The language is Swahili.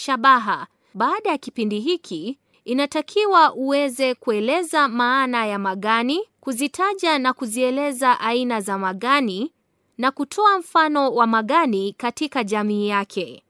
Shabaha: baada ya kipindi hiki, inatakiwa uweze kueleza maana ya magani, kuzitaja na kuzieleza aina za magani, na kutoa mfano wa magani katika jamii yake.